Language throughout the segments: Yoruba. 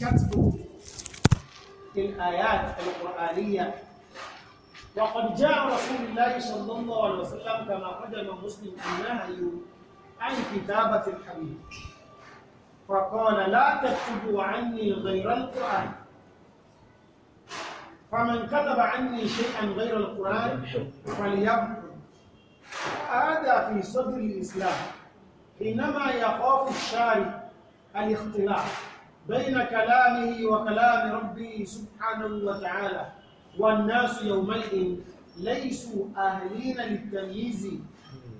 كتب الآيات القرآنية وقد جاء رسول الله صلى الله عليه وسلم كما قدم مسلم النهي عن كتابة الحديث فقال لا تكتبوا عني غير القرآن فمن كتب عني شيئا غير القرآن فليبقى هذا في صدر الإسلام حينما يخاف الشارع الاختلاف بين كلامه وكلام ربه سبحانه وتعالى والناس يومئذ ليسوا أهلين للتمييز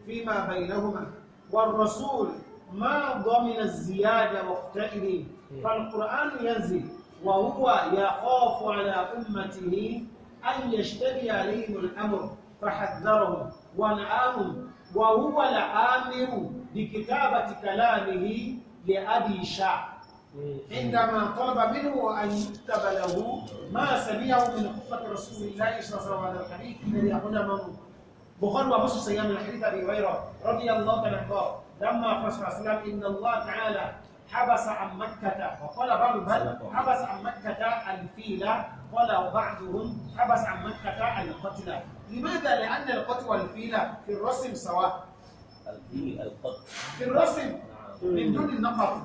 فيما بينهما والرسول ما ضمن الزيادة وقتئه فالقرآن ينزل وهو يخاف على أمته أن يشتري عليهم الأمر فحذرهم ونعاهم وهو الآمر بكتابة كلامه لأبي شعب عندما طلب منه أن يكتب له ما سمعه من خطبه رسول الله صلى الله عليه وسلم الحديث الذي هنا من بخار ومسلم سيام الحديث أبي هريرة رضي الله عنه قال لما أخرج صلى الله عليه وسلم إن الله تعالى حبس عن مكة وقال بعض بل حبس عن مكة الفيل قال بعضهم حبس عن مكة القتل لماذا؟ لأن القتل والفيل في الرسم سواء الفيل القتل في الرسم نعم. من دون النقط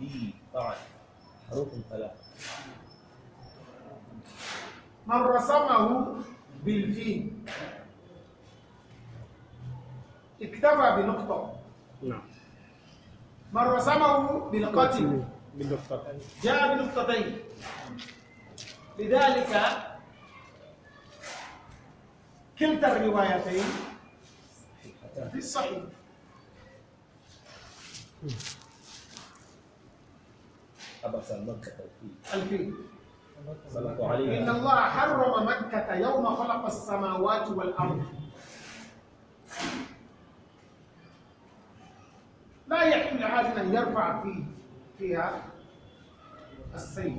في طبعا حروف ثلاثة من رسمه بالفي اكتفى بنقطة نعم من رسمه بالقتل بالنقطتين جاء بنقطتين لذلك كلتا الروايتين في الصحيح أبا مكة الفيل عليه إن الله حرم مكة يوم خلق السماوات والأرض لا يحل لعاد أن يرفع فيه فيها السيف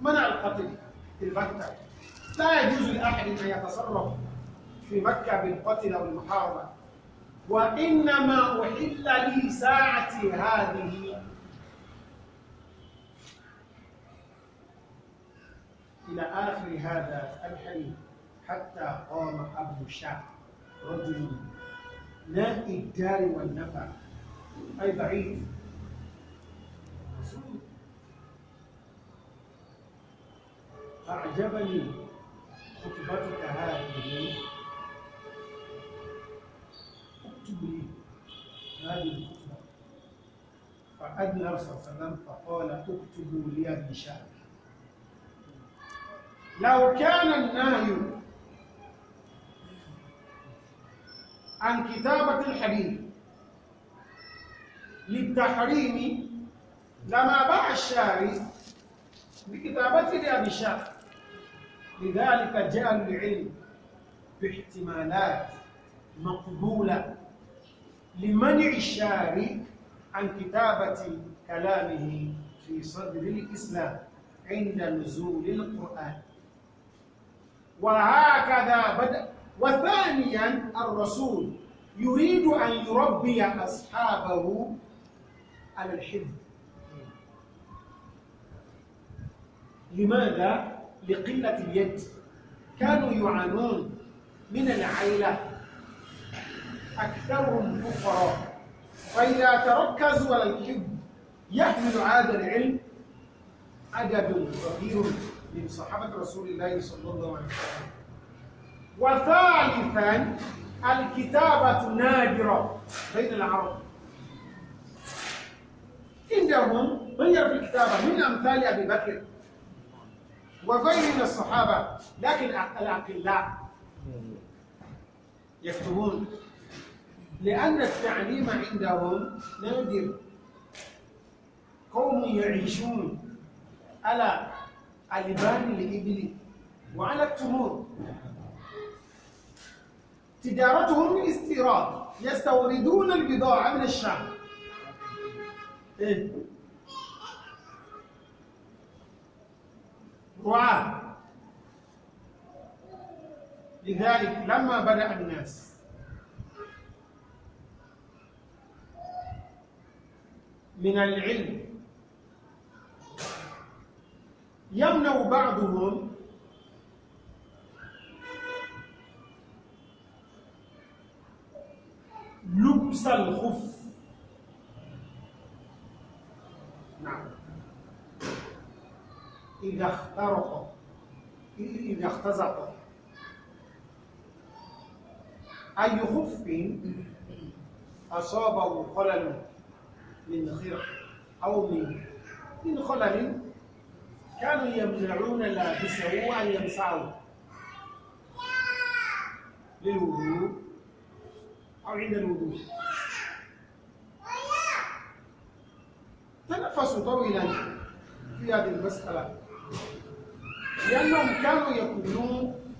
منع القتل في البتة لا يجوز لأحد أن يتصرف في مكة بالقتل أو المحاربة وإنما أحل لي ساعتي هذه إلى آخر هذا الحديث حتى قام أبو شعب رجل لا الدار والنفع أي ضعيف أعجبني خطبتك هذه اكتب لي هذه الخطبة فأدنى الرسول صلى الله عليه وسلم فقال اكتبوا لي شعب لو كان النهي عن كتابة الحديث للتحريم لما باع الشارع بكتابته لأبي الشافعي لذلك جاء العلم باحتمالات مقبولة لمنع الشارع عن كتابة كلامه في صدر الإسلام عند نزول القرآن وهكذا بدأ وثانيا الرسول يريد أن يربي أصحابه على الحفظ لماذا؟ لقلة اليد كانوا يعانون من العيلة أكثرهم فقراء فإذا تركزوا على الحفظ يحمل هذا العلم أدب كبير من صحابة رسول الله صلى الله عليه وسلم وثالثا الكتابة نادرة بين العرب عندهم من يعرف الكتابة من أمثال أبي بكر وغير من الصحابة لكن الأقلاء يكتبون لأن التعليم عندهم نادر قوم يعيشون على ألبان لابلي وعلى التمور تجارتهم استيراد يستوردون البضاعة من الشام إيه؟ رعاة لذلك لما بدأ الناس من العلم يمنع بعضهم لبس الخف نعم إذا اخترق إذا اختزق أي خف أصابه خلل من خرق أو من من خلل كانوا يمنعون لابسه أن يمسعه للوضوء أو عند الوضوء تنفسوا طويلا في هذه المسألة لأنهم كانوا يقولون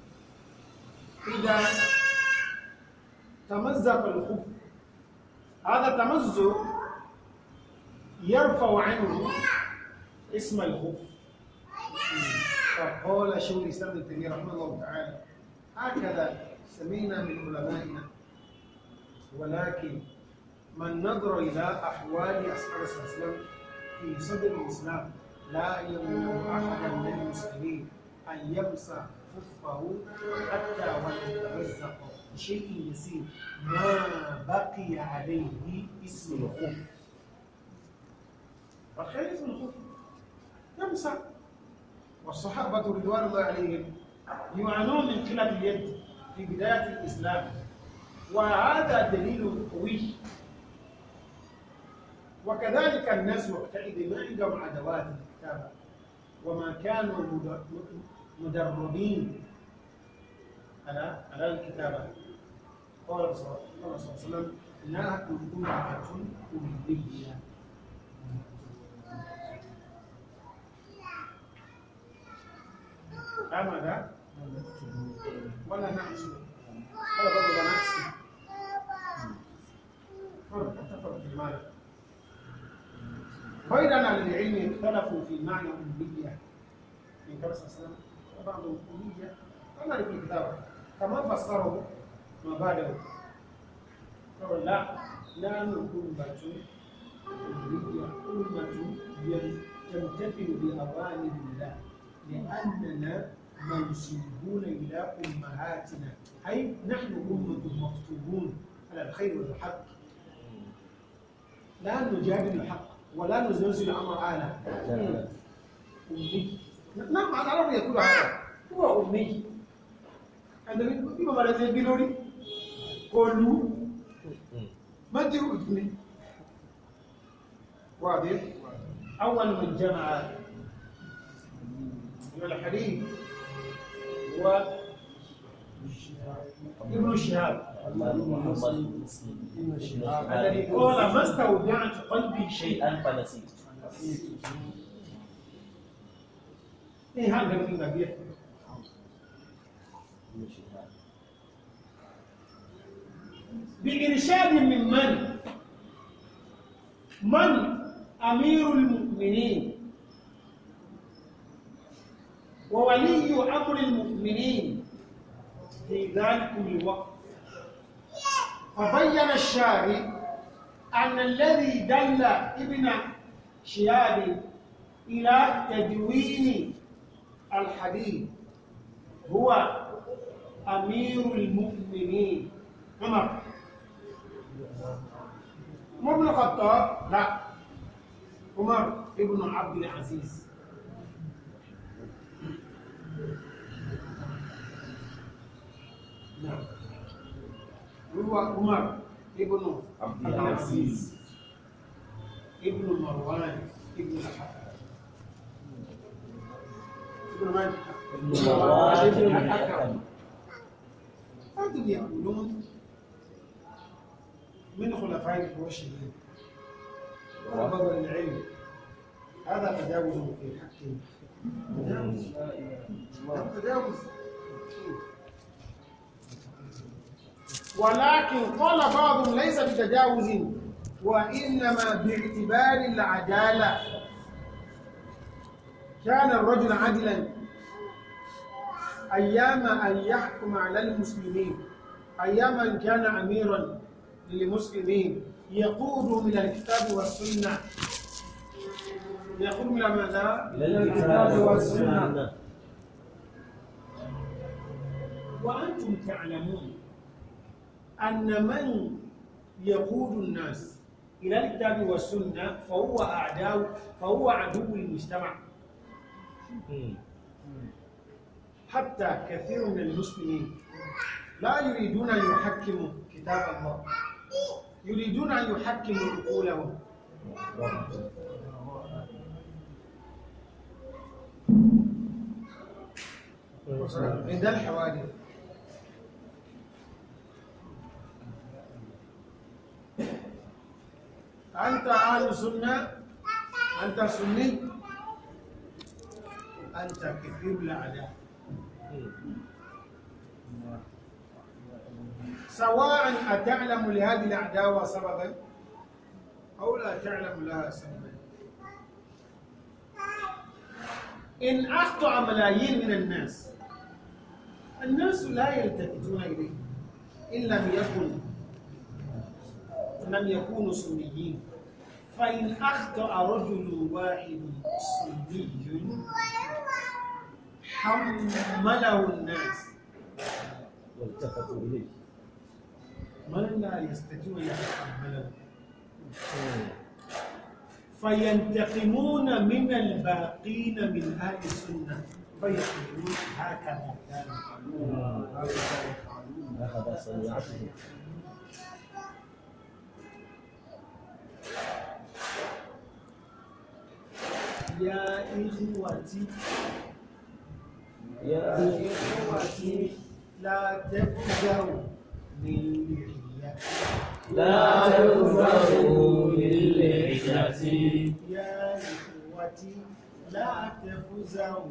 إذا تمزق الخف هذا تمزق يرفع عنه اسم الخف فقال شيخ الاسلام ابن تيميه رحمه الله تعالى هكذا سمعنا من علمائنا ولكن من نظر الى احوال اصحاب الاسلام في صدر الاسلام لا يمنع احدا من المسلمين ان يمسح خفه حتى وان يترزق بشيء يسير ما بقي عليه اسم الخف اسم الخف يمسح والصحابة رضوان الله عليهم يعانون من قلة اليد في بداية الإسلام وهذا دليل قوي وكذلك الناس وقتئذ ما عندهم أدوات الكتابة وما كانوا مدربين على على الكتابة قال صلى الله عليه وسلم لا كلكم عبد أمية أما ده ولا نعكس ولا برضه ده نعكس فرق تفرق في المعنى غير أن العلم اختلفوا في المعنى الأمية من كما سلام وبعضهم أمية أنا في الكتاب كما فسروا ما بعده قالوا لا لا نكون باتوا أمية أمة يمتثل بأوامر الله لأننا منسوبون إلى أمهاتنا أي نحن أمة مفطورون على الخير والحق لا نجادل الحق ولا نزلزل أمر أهله أمي نعم العرب يقول هذا هو أمي عندما يبقى مالذي بيلوري قولوا ما تقول واضح أول من جمع والحريم و ابن شهاب الذي قال ما استودعت قلبي شيئا فنسيت ايه هذا من النبي بإرشاد من من؟ من أمير المؤمنين وولي أمر المؤمنين في ذلك الوقت فبين الشارع أن الذي دل ابن شهاب إلى تدوين الحديث هو أمير المؤمنين عمر مو بن الخطاب لا عمر ابن عبد العزيز Ruwa Umar ibn Abdulaziz ibn Marwan ibn Al-Hakam. Ibn Marwan ibn Al-Hakam. هذول يقولون من خلفاء الراشدين طلبة العلم هذا تجاوز في حق ولكن قال بعضهم ليس بتجاوز وإنما باعتبار العدالة كان الرجل عدلا أيام أن يحكم على المسلمين أيام أن كان أميرا للمسلمين يقود من الكتاب والسنة يقول من ماذا؟ للكتاب والسنة وأنتم تعلمون أن من يقود الناس إلى الكتاب والسنة فهو أعداء فهو عدو المجتمع حتى كثير من المسلمين لا يريدون أن يحكموا كتاب الله يريدون أن يحكموا عقولهم من ذا الحوادث أنت أهل سنة أنت سني أنت كثير الأعداء سواء أتعلم لهذه العداوة سببا أو لا تعلم لها سببا إن أخطأ ملايين من الناس الناس لا يلتفتون إليه إن لم يكن لم يكونوا سنيين فإن أخطأ رجل واحد سني حمله الناس والتفتوا إليه من لا يستطيع يتحمله فينتقمون من الباقين من أهل السنة فيقولون هكذا كانوا يفعلون هكذا صنيعتهم يا إخوتي يا إخوتي لا تفزعوا باللحية لا تفزعوا باللحية يا إخوتي لا تفزعوا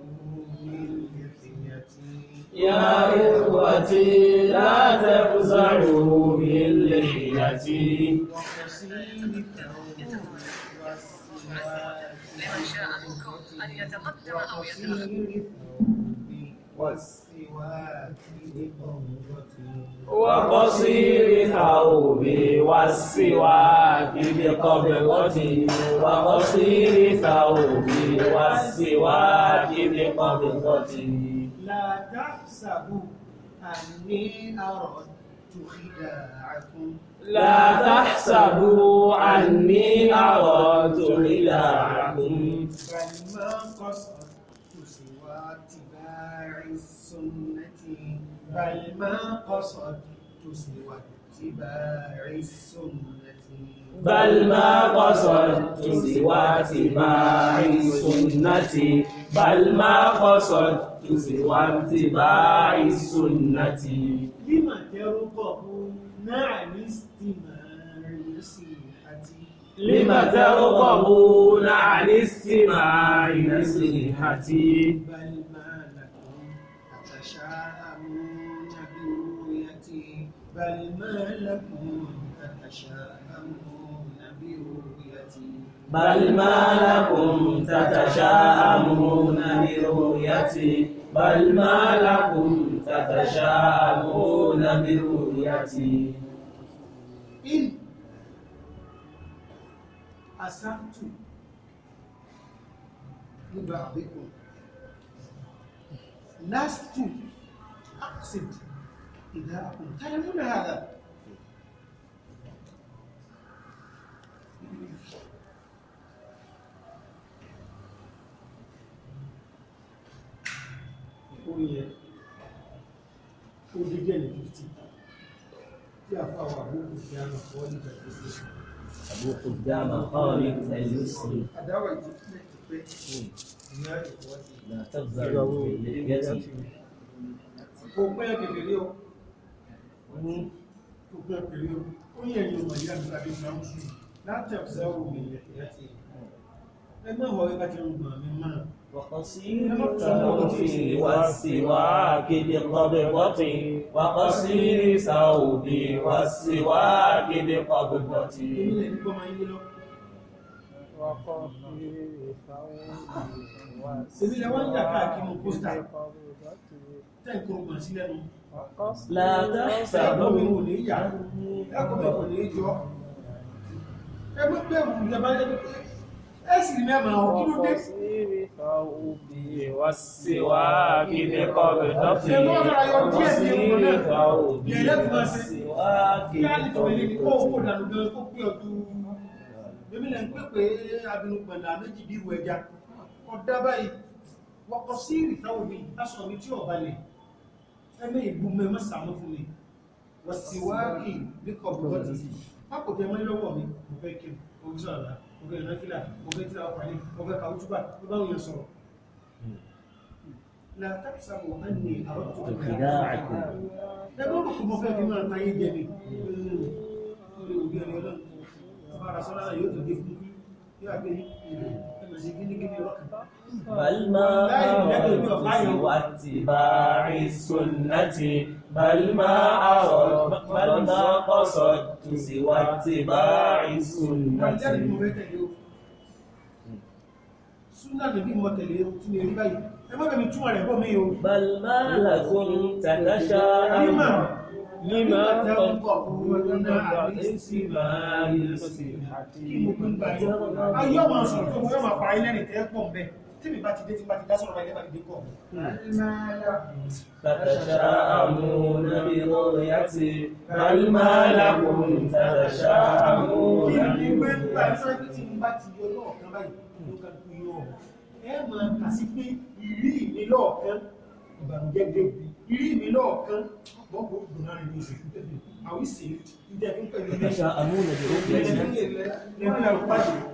باللحية يا إخوتي لا تفزعوا من لحيتي باللحية لمن شاء منكم أن يتقدم أو يتأخر وقصير ثوبي والسواك بقبضتي وقصير ثوبي والسواك بقبضتي لا تحسبوا أني أردت خداعكم لا تحسبوا أني أردت خداعكم بل ما قصدي سنتي بل ما قصدت سوى اتباع السنة بل ما قصدت سوى اتباع السنة بل ما قصدت سوى اتباع السنة لما ترقب عن نعم استماع نصيحتي لما ترغبون نعم عن استماع نصيحتي بل بل ما لكم تتشاءمون برؤيتي بل ما لكم تتشاءمون برؤيتي بل ما لكم تتشاءمون برؤيتي إن أسأتم لبعضكم لست أقصد ابناءكم تعلمون هذا يقول ودجاني فتي يا فاوى ابوك قدام خالد اليسري لك قدام خالد اليسري اداوى لا تفزع باليد وقوم لك جبريل ní gbogbo ẹ̀pẹ̀rẹ̀ ó yẹ̀ yìí ọmọ ìyá mi tàbí ìgbà ń sùn látẹ̀fẹ́ òun ilẹ̀ ẹgbẹ́ ọ̀rọ̀ ẹgbẹ́ ti rúgbọ̀n mi máa وقصير والسواك بقبضة وقصير ثوبي والسواك بقبضة Èmi lẹ wọ́n ń jà káàkiri mú pósítà, tẹ́ ìkọrùn-ún sílẹ̀ nù látàṣà lọ́wọ́ ìwò ní ìyá ẹkùnbẹ̀kù ní ìjọ ẹgbẹ́ bẹ̀rù ìjọba ẹ̀sìn mẹ́mà ọ̀kílódé wàsíwá kí ni kọ́bẹ̀ tọ́sí ìfà òbí wàsíwá kí ni kọ́bẹ̀ tọ́sí Bébílẹ̀ ń pèpè abinú pẹ̀lú àméjì bí ìwẹ̀ ẹja, ọ̀dá báyìí, wọ́kọ̀ sí ìrìtàwò mi, lásọ̀ mi tí ọ̀bálẹ̀ ẹgbẹ́ ìbú mẹ́mọ́ sàmọ́ fún mi wọ́n sì wá kì ní kọ̀ọ̀kọ̀ ti ti pápò tẹ mọ́ lọ́wọ́ mi mo fẹ́ kí mo fẹ́ sọ̀rọ̀ mo fẹ́ ìrántìlà mo fẹ́ tíra ọkọ̀ ní mo fẹ́ kàwútúbà mo bá wọn sọ̀rọ̀ látàkìsàmù ọ̀hán ni àwọn tó kọ̀ ẹgbẹ́ òkú mo بل ما هو اتباع السنة بل ما أرد بل ما قصدت سوى اتباع السنة súnà lè bí mọ tẹ̀lé máa ń lọ sí i. ayé ọmọ sọ̀rọ̀ tó mọ́ máa pa ilé rẹ̀ pọ̀ bẹ́ẹ̀ tèmi bá ti dé tí bá ti dá sọ̀rọ̀ báyìí lẹ́bàá ti dé kọ̀. tàtàṣà àmúna bí wọ́n yá ti bàlímàlà kò ní tàtàṣà àmúna. kí ni pé nígbà tí tí mo bá ti yọ lọ́ọ̀kan báyìí ló ká kú yọ ẹ máa kà sí pé ìrí mi lọ́ọ̀kan ìbànújẹ́ dé ìrí mi lọ́ọ̀kan bọ́ọ̀bù gbọ̀nà rẹ̀ ní oṣù tẹ̀lé fún pẹ̀lú ẹ̀ṣà àmúna bí wọ́n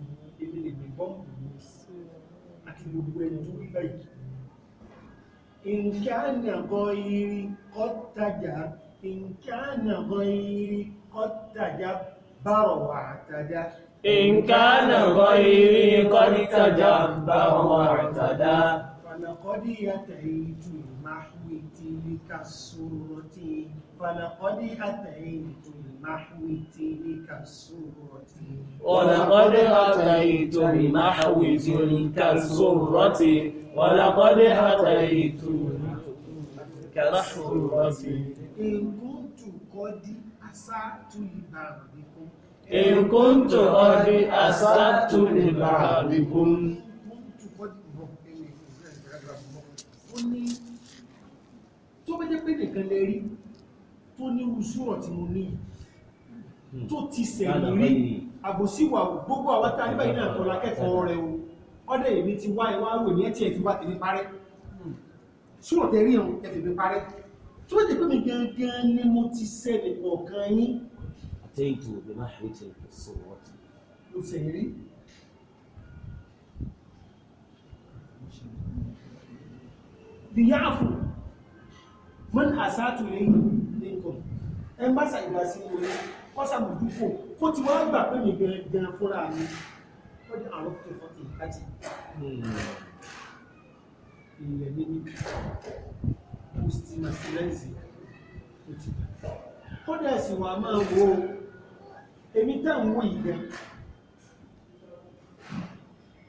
àti gbogbo ẹni tó ń bẹ̀ yìí ìǹkánà gọ́ìrì kọ́tàjà ìǹkánà gọ́ìrì kọ́tàjà bárọ̀ wà àtàjà ìǹkánà gọ́ìrì kọ́tàjà bárọ̀ wà àtàjà فلقد أتيت محو تلك السورة فلقد أتيت نحو تلك السورة ولقد أتيت بنحو تلك السورة ولقد أتيت تلك إن كنت قد أسأت لبعضكم إن كنت قد أسأت لبعضكم tó bá jẹ́ pé nìkan lè rí tó ní usúrọ̀ tí mo ní yìí Hmm. tó ti sẹ̀yìn rí àbòsíwà gbogbo àwátá nígbà yìí náà kọ́ lákẹ́kọ̀ọ́ hmm. rẹ̀ o ọdẹ èmi ti wá ìwá wò ní ẹtì ẹ̀fí wá tèmi parẹ́ ṣúrọ̀ hmm. tẹ rí ọ̀hún ẹ̀fí mi parẹ́ tó bá jẹ́ pé mi gangan ni mo ti sẹ́ni kọ̀ọ̀kan yín. àtẹ́yìntì òbí máa ṣe ti ẹ̀kọ́ sí wọn. mo sẹ̀yìn rí. bìyàfù mọ́n àṣà tó lẹ́yìn lẹ́kọ̀ọ́ ẹ̀ ń bá ṣàgbà sí wọn kọ́sàmójúfò kó ti wá gbà pé mi gan fúnra mi wọ́n dé àrùn tó fọ́ ti ìkájì hmm. ilẹ̀ níbi kó sì máa sí lẹ́yìn kó ti gbà kódà ẹ̀sìn wà máa wo èmi tá ń wò yìí gan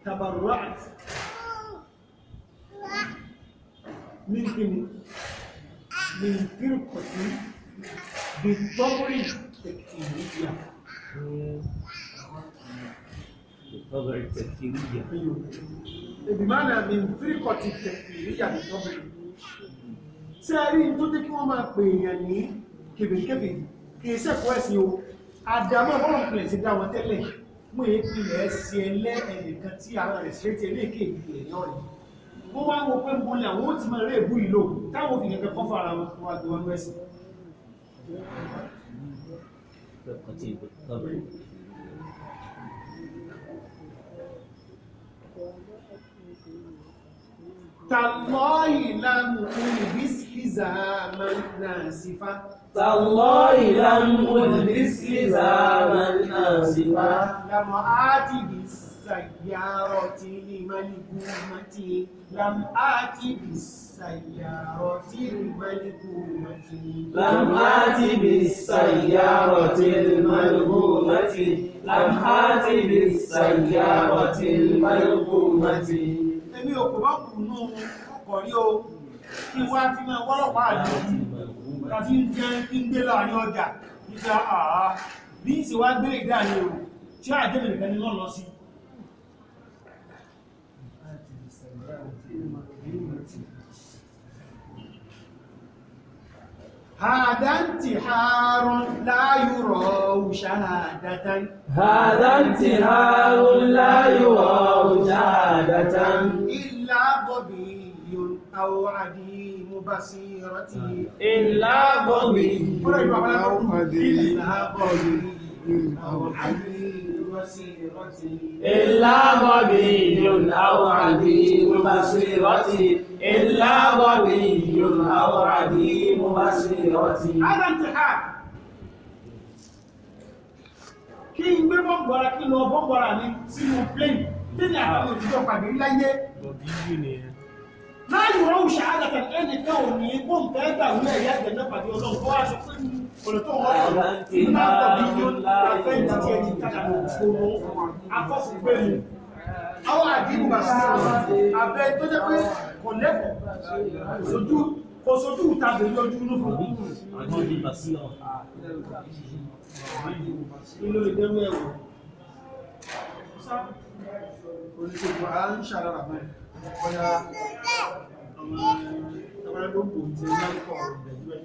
tabarat ní kíni ní fírkọ̀tí bí tọ́kùnrin بالطبع التكفيرية بمعنى من فرقة التكفيرية بالطبع sẹ́ẹ̀rí tó tẹ́ kí wọ́n máa pè èèyàn ní kèbèkèbè kìí sẹ́kọ̀ọ́ ẹ̀sìn o àdàmọ́ ọ̀rọ̀ pìlẹ̀ sí dáwọn tẹ́lẹ̀ mú èé pìlẹ̀ ẹ̀sìn ẹlẹ́ ẹ̀nìkan tí ara rẹ̀ sí ti eléèké ìpìlẹ̀ náà rẹ̀ mo máa ń wo pé mo lè àwọn ó ti máa rẹ̀ èbú ìlò táwọn òfin kẹ̀kẹ́ kọ́ fara wọn wá gbé wọn فرقتي بالطبع تالله لم ألبس حزاما ناسفا تالله لم ألبس حزاما ناسفا لم آتي بالسيارة لملكومتي لم آتي بالسيارة بالسيارة الملهومة لم آت بالسيارة الملهومة لم آت بالسيارة الملهومة èmi ò kò bá kù nù ọkọ̀ rí o kí wá fi máa wọ́lọ́pàá àjò láti ń jẹ́ kí ń gbé láàrin ọjà nígbà àá ní ìsìnwá gbé ìdáàrin o tí àjẹ́mìnìkan ní lọ́nà sí هذا انتحار لا يرى شهادة هذا انتحار لا يرى شهادة إلا ظبي أو عديم بصيرته إلا ظبي أو عديم أو عديم إلا غبي أو عديم بصيرتي إلا غبي أو عديم بصيرتي هذا امتحان kí n gbé bọ́ǹbọ̀ra kí lọ bọ́ǹbọ̀ra mi sínú plane nínú àtàwọn òṣìṣẹ́ pàdé láyé. láyé wọ́n ń ṣe àgàtà ẹnìkan ò ní bọ́ǹbẹ́ gbà wúlẹ̀ ìyá ìgbẹ́ náà pàdé ọlọ́run tó wá sọ pé Àwọn àdìbò bá sí abẹ́ tó jẹ́ pé kò lẹ́kọ̀ọ́ kò sojú ìta bèèrè ojú inú fún inú ilé mẹ́wọ̀ oníṣègùn ara ń ṣàrà báyìí ọ̀yà ọmọ ẹgbẹ́ gbogbo tí ó ń bá ń kọ̀ ọ̀rọ̀ bẹ̀rẹ̀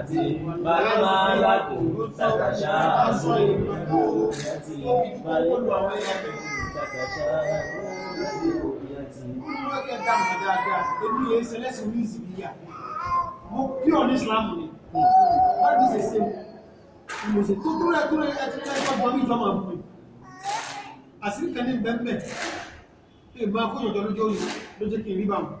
الصحة فما لكم تتشاءمون برؤيتي ما لكم تتشاءمون برؤيتي mo pure on islam ni that is the same mo ṣe tó tó rẹ tó rẹ ẹ ti rẹ tó gbọmí ìjọba àbúrò àṣírí kan ní bẹ́ẹ̀ bẹ́ẹ̀ ìgbà fún ìjọba lójó yìí ló jẹ́ kí n rí bá wọn.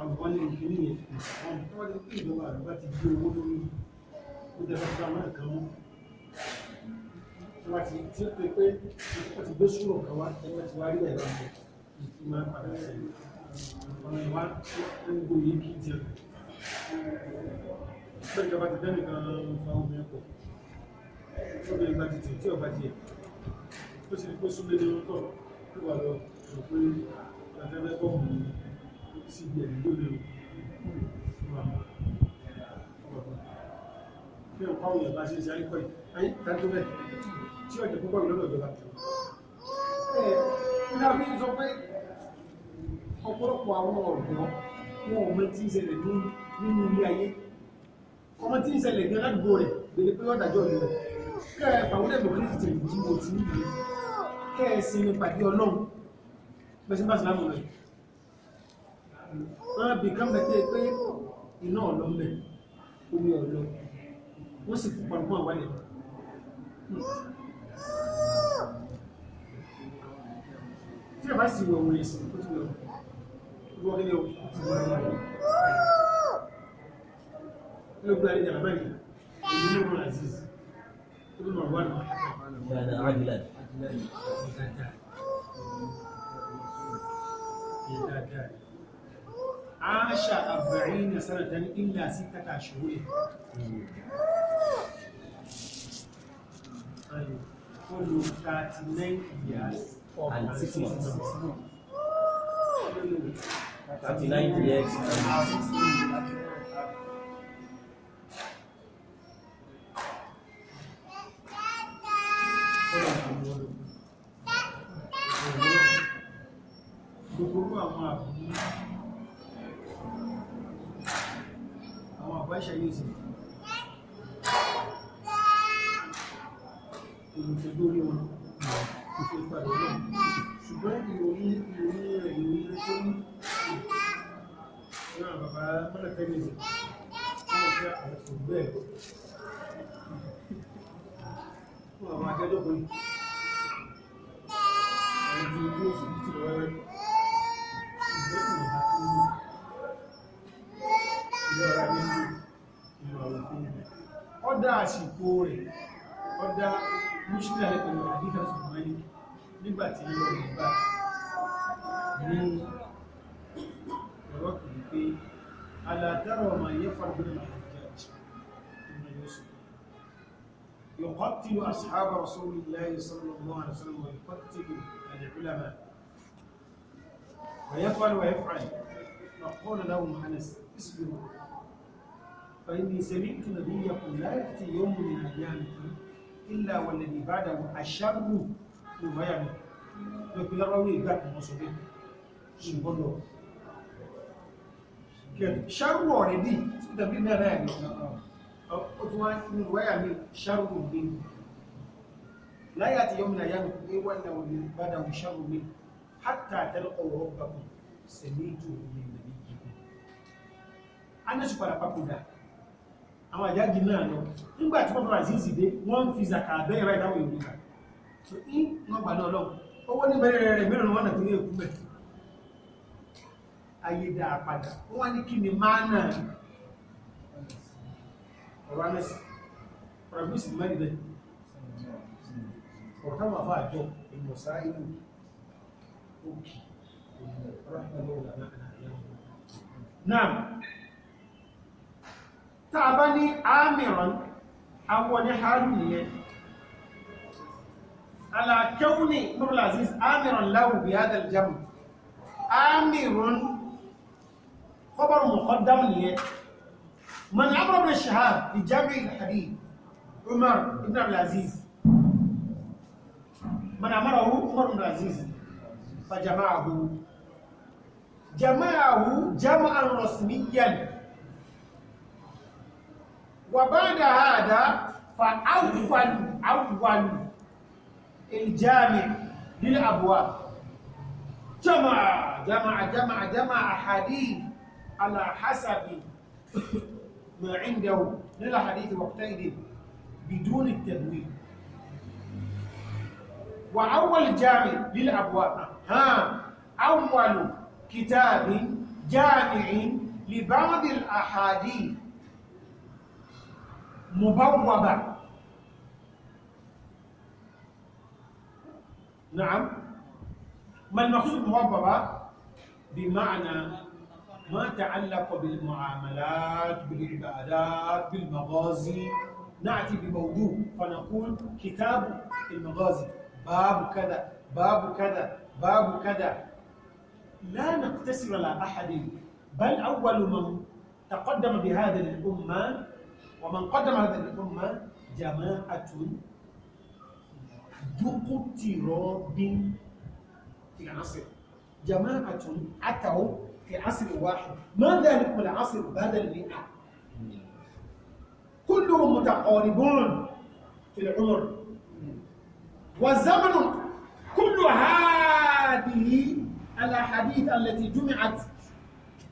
àwọn ní ìpínlẹ̀ yẹn wọn tó wọ́n ti pín ìjọba àdúgbà ti gbé owó lórí ó dẹ́gbẹ́ tó àwọn nǹkan mú wọ́n ti tí ó pé pé wọ́n ti gbé sùúrù kan wá ẹgbẹ́ ti wá rí ẹ̀rọ àgbẹ̀ ìtì máa ń padà sẹ́yìn ọ̀nà ìwá tó ń gbòye kí n jẹun pé ìjọba ti bẹ́ẹ̀ nìkan fa omi ẹ̀kọ́ lóbi ìgbà tètè tí ọba tiẹ̀ ó sì ní kó súnlé ní orúkọ tó wà lọ rò pé àtẹ́fẹ́ bọ́ọ̀mù yìí cbn ọ̀pọ̀lọpọ̀ àwọn ọ̀dọ́ wọn ò mọ tí ń ṣẹlẹ̀ nínú ilé ayé ọmọ tí ń ṣẹlẹ̀ ní aládùúgbò rẹ̀ gbèrè pé wọ́n dájọ́ ìlú kẹ́ ẹ fàwọn ẹ̀mọ̀ kí tẹ̀lé jí mo ń gbé kẹ́ ẹ sinmi pàdé ọlọ́run bẹ́sẹ̀ bá sì láàmú rẹ̀ wọ́n bí kámẹ́tẹ́ pé iná ọ̀lọ́mẹ̀ omi ọ̀lọ́ wọ́n sì pupa mọ́ àwálẹ̀ tí ẹ̀bá sì wọ̀ wòye sí ó ti wọ̀ wọ́n kí ni ó ti wọ̀ wọ́n ló gbé àríjà àbáyé èyí ló rọrùn aziz tó ló rọrùn wánà dáadáa agilan dáadáa asha arba'ina sanatan illa sittata shuhur Olu 39 years and 6 months. 39 years and 6 months. kábíyèsí ṣùgbọ́n ìròyìn ìròyìn rẹ̀ ìròyìn tó ní náà bàbá mọ́nà kábíyèsí wọ́n àwọn kò bẹ́ẹ̀ wọ́n àwọn adájọ́ kan kódà àsìkò rẹ̀ ọdá mùsùlùmí pẹ̀lú àdíkà sùgbọ́n nígbàtí ọ̀rọ̀ bá ní ọ̀rọ̀ kìí pé alàtàrọ̀ ma yẹ fàgbọ́n يقتل أصحاب رسول الله صلى الله عليه وسلم ويقتل العلماء ويفعل ويفعل فقال لهم أنس اصبروا فإني سمعت نبيكم لا يأتي يوم من أيامكم إلا والذي بعده أشر نبيانه lọ́pẹ́ lọ́rọ̀wé ìgbà àwọn sọ̀rọ̀ ṣùgbọ́n lọ ṣàrù ọ̀rẹ́ bí tàbí náà ẹ̀lọ ó tún wá ní wáyà ní ṣàrù gbé láyà tí yọ́mìnà yà ní pé wọ́n náà wọ́n bá dáwọn ṣàrù gbé hátà tẹ́lẹ̀ ọ̀rọ̀ papọ̀ sẹ̀mí ìtò ìrìn ìrìn ìrìn àwọn àjájì náà lọ nígbà tí pọ́pọ́ àti ìsìdé wọ́n ń fi zàkà bẹ́ẹ̀ báyìí táwọn èèyàn kà so ní wọ́n gbà náà lọ́wọ́ owó ní bẹ̀rẹ̀ rẹ̀ mìíràn wọ́n nàtí ní èkú bẹ̀ ayé dáa padà wọ́n wá ní kí ni máa náà ọ̀rọ̀ anẹ́sì ọ̀rọ̀ bí sì mẹ́rin bẹ́ẹ̀ ọ̀rọ̀ táwọn àfáà jọ ìmọ̀sá inú òkè ọ̀rọ̀ náà tá a bá ní àmìràn àwọn ní haru nìyẹn alákẹ́wùnì nurul aziz àmìràn láwù bí adal jam àmìràn khabar muqaddam nìyẹn من عمر بن الشهاب في جامع الحديث عمر بن عبد العزيز من أمره عمر بن العزيز فجمعه جمعه جمعا رسميا وبعد هذا فأول أول الجامع للأبواب جمع جمع جمع جمع أحاديث على حسب ما عنده من الحديث وقتئذ بدون التدوين وأول جامع للأبواب ها أول كتاب جامع لبعض الأحاديث مبوبة نعم ما المقصود مبوبة بمعنى ما تعلق بالمعاملات بالعبادات بالمغازي نأتي بموضوع فنقول كتاب المغازي باب كذا باب كذا باب كذا لا نقتصر على أحد بل أول من تقدم بهذا الأمة ومن قدم هذه الأمة جماعة ذو اقتراب في عصر جماعة أتوا في عصر واحد ما ذلك من العصر بعد المئة كلهم متقاربون في العمر والزمن كل هذه الأحاديث التي جمعت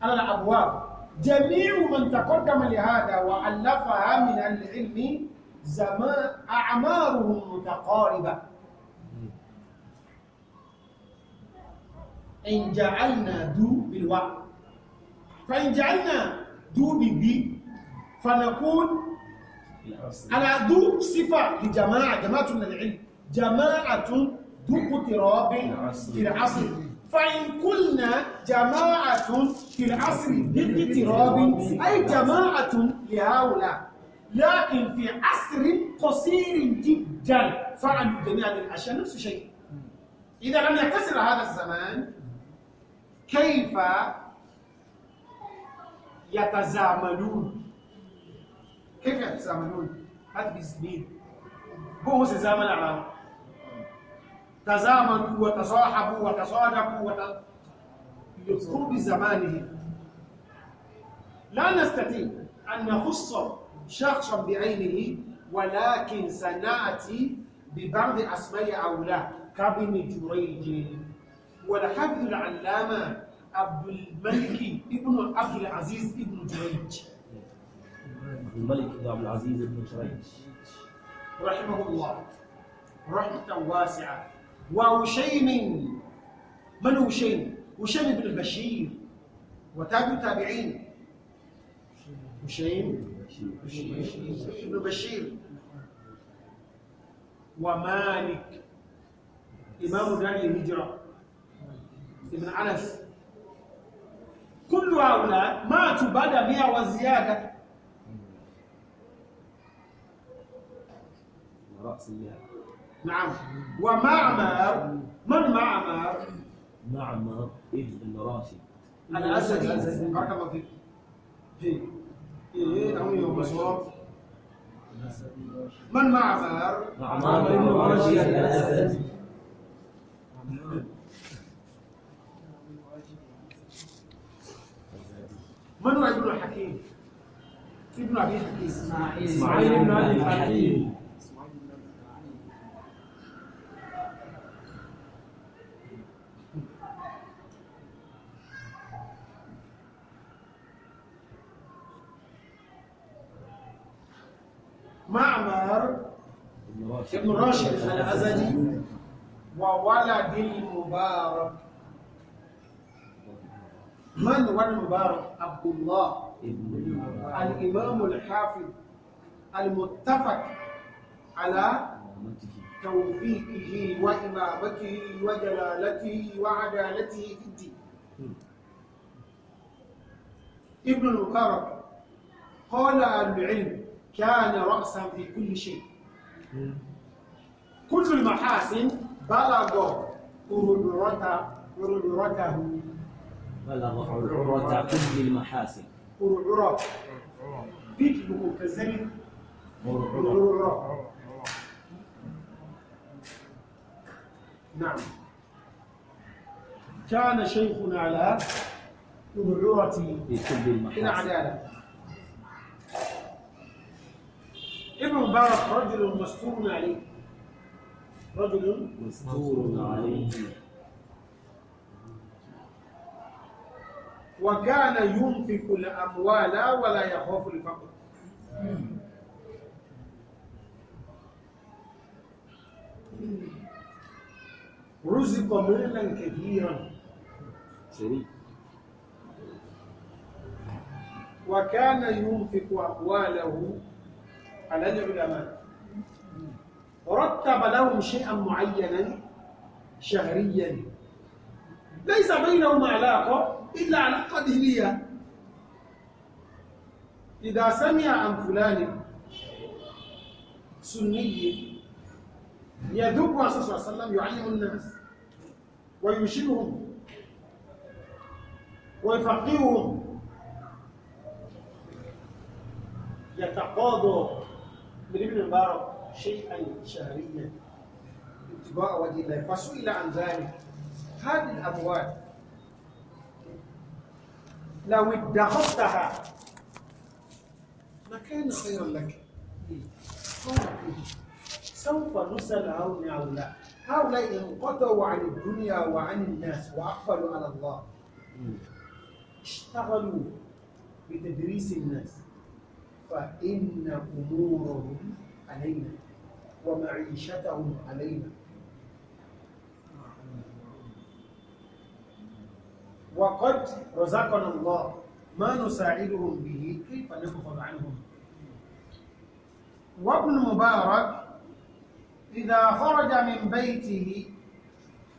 على الأبواب جميع من تقدم لهذا وألفها من العلم زمان أعمارهم متقاربة إن جعلنا دو بالوقت فإن جعلنا دو ببي فنقول على دو صفة لجماعة جماعة من العلم جماعة دو اقتراب في العصر فإن قلنا جماعة في العصر ضد تراب أي جماعة لهؤلاء لكن في عصر قصير جدا فعلوا جميع الأشياء نفس الشيء إذا لم يقتصر هذا الزمان كيف يتزامنون كيف يتزامنون؟ هذا بزمين هو زمان على تزامنوا وتصاحبوا وتصادقوا وت... لقرب زمانهم لا نستطيع أن نخص شخصا بعينه ولكن سنأتي ببعض أسماء أولاد كابن جريج والحفظ العلامة عبد الملك ابن عبد العزيز ابن جريج الملك بن عبد العزيز بن جريج رحمه الله رحمة واسعة وهشيم من هو هشيم؟ هشيم بن البشير وتابع التابعين هشيم بن بشير ومالك إمام دار الهجرة ابن أنس كل هؤلاء ماتوا بعد مئة وزيادة رأس المئة نعم ومعمر من معمر؟ معمر ابن راشد الاسد بارك الله فيك إيه أو يوم من معمر؟ معمر ابن راشد الأسد من هو ابن الحكيم؟ ابن أبي حكيم إسماعيل إسماعيل بن أبي حكيم معمر ابن راشد الأزدي وولد المبارك من ولد المبارك؟ عبد الله الإمام الحافظ المتفق على توفيقه وإمامته وجلالته وعدالته في الدين ابن المبارك قال العلم كان رأسا في كل شيء كل المحاسن بلغ قرورته بلغ عرورة كل المحاسن عرورة مثله كالزمن عرورة نعم كان شيخنا على عرورة كل المحاسن ابن مبارك رجل مستور عليه رجل مستور عليه وكان ينفق الأموال ولا يخاف الفقر رزق مالا كثيرا شريك وكان ينفق أمواله على العلماء رتب لهم شيئا معينا شهريا ليس بينهم علاقة إلا علاقة دينية إذا سمع عن فلان سني يذوب الرسول صلى الله عليه وسلم يعلم الناس ويرشدهم ويفقههم يتقاضى من ابن المبارك شيئا شهريا ابتغاء وجه الله فسئل عن ذلك هذه الأموال لو ادخرتها لكان خيرا لك سوف نسأل هؤلاء هؤلاء انقطعوا عن الدنيا وعن الناس وأقبلوا على الله اشتغلوا بتدريس الناس فإن أمورهم علينا ومعيشتهم علينا وقد رزقنا الله ما نساعدهم به كيف نبخل عنهم وابن مبارك إذا خرج من بيته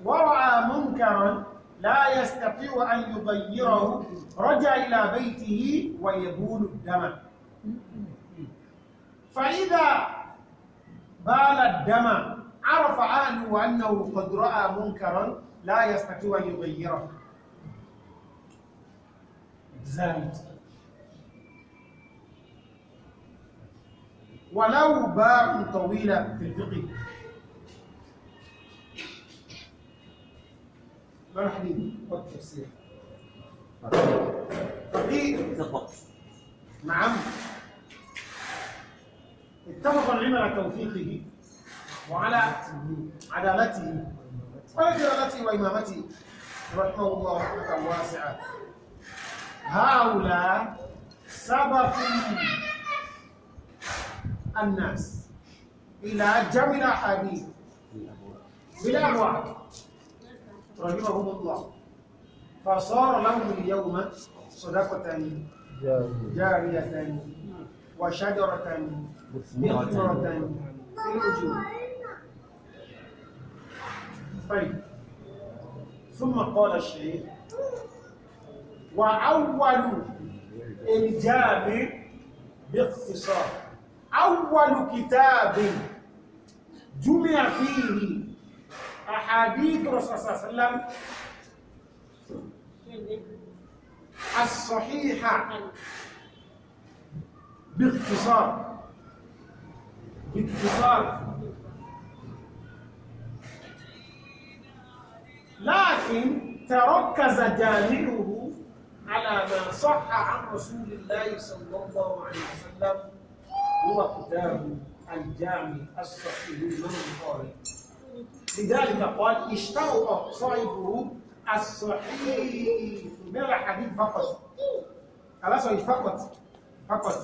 ورأى منكرا لا يستطيع أن يغيره رجع إلى بيته ويبول الدم فإذا بال الدم عرف أهله أنه قد رأى منكرا لا يستطيع أن يغيره زائد ولو باع طويلة في الفقه مرحبا والتفسير في نعم اتفق العلم على توفيقه وعلى عدالته وجلالته وإمامته رحمه الله رحمة واسعة هؤلاء سبق الناس إلى جمع الأحاديث بالأبواب رحمهم الله فصار لهم اليوم صدقة جارية وشجرة طيب ثم قال الشيخ وأول إنجاب باختصار أول كتاب جمع فيه أحاديث الرسول صلى الله عليه وسلم الصحيحة باختصار باختصار لكن تركز جانبه على ما صح عن رسول الله صلى الله عليه وسلم هو كتاب الجامع الصحيح للبخاري لذلك قال اشترط صاحبه الصحيح من الحديث فقط على صحيح فقط فقط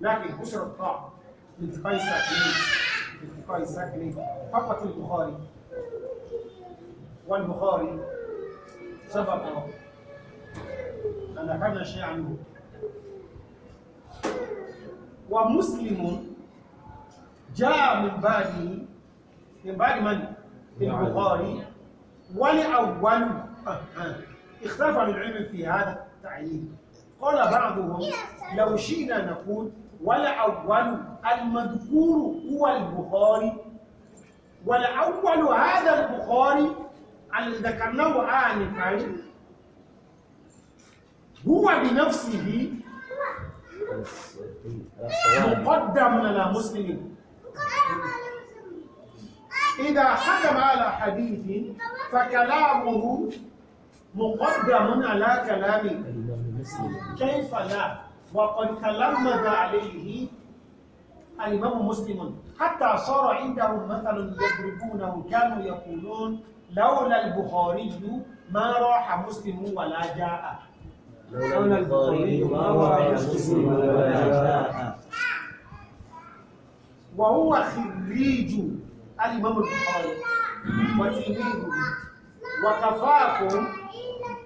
لكن بشر الطاعه التقاء الساكنين التقاء الساكنين فقط البخاري والبخاري سبق أن ذكرنا شيء عنه ومسلم جاء من بعد من بعد من؟ البخاري ولأول آه، آه. اختلف العلم في هذا التعليم قال بعضهم لو شئنا نقول والأول المذكور هو البخاري والأول هذا البخاري الذي ذكرناه آنفا هو بنفسه مقدم على مسلم إذا حكم على حديث فكلامه مقدم على كلام كيف لا وقد تلمذ عليه الإمام مسلم حتى صار عندهم مثل يضربونه كانوا يقولون لولا البخاري ما راح مسلم ولا جاء لولا البخاري ما راح مسلم ولا جاء وهو خريج الإمام البخاري وتلميذه وكفاكم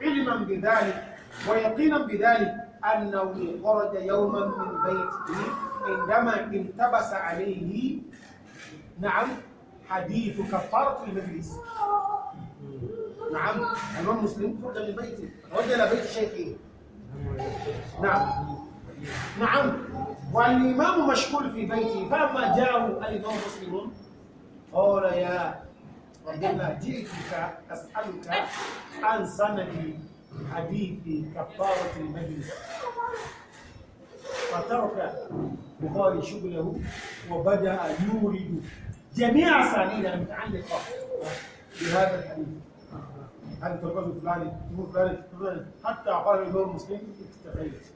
علما بذلك ويقينا بذلك أنه خرج يوما من بيته عندما التبس عليه نعم حديث كفارة المجلس نعم الإمام مسلم خرج من بيته خرج إلى بيت الشيخ نعم نعم والإمام مشغول في بيته فلما جاءه الإمام مسلم قال يا ربنا جئتك أسألك عن سندي حديث كفارة المجلس فترك بخاري شغله وبدأ يورد جميع أسانيد المتعلقة بهذا الحديث هل تقول فلان تقول فلان حتى قال له مسلم اكتفيت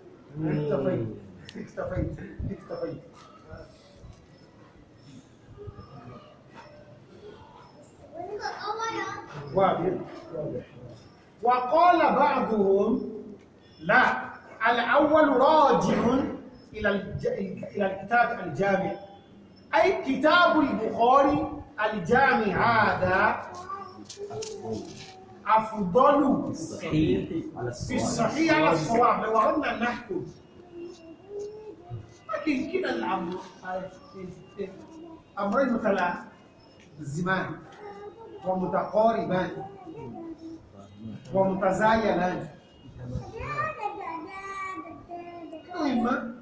اكتفيت اكتفيت اكتفيت واضح واضح وقال بعضهم لا الأول راجع إلى إلى الكتاب الجامع أي كتاب البخاري الجامع هذا أفضل في الصحيح على الصواب لو أردنا أن نحكم لكن كذا الأمر أمرين الزمان ومتقاربان como Tazaya né? Land. Clima.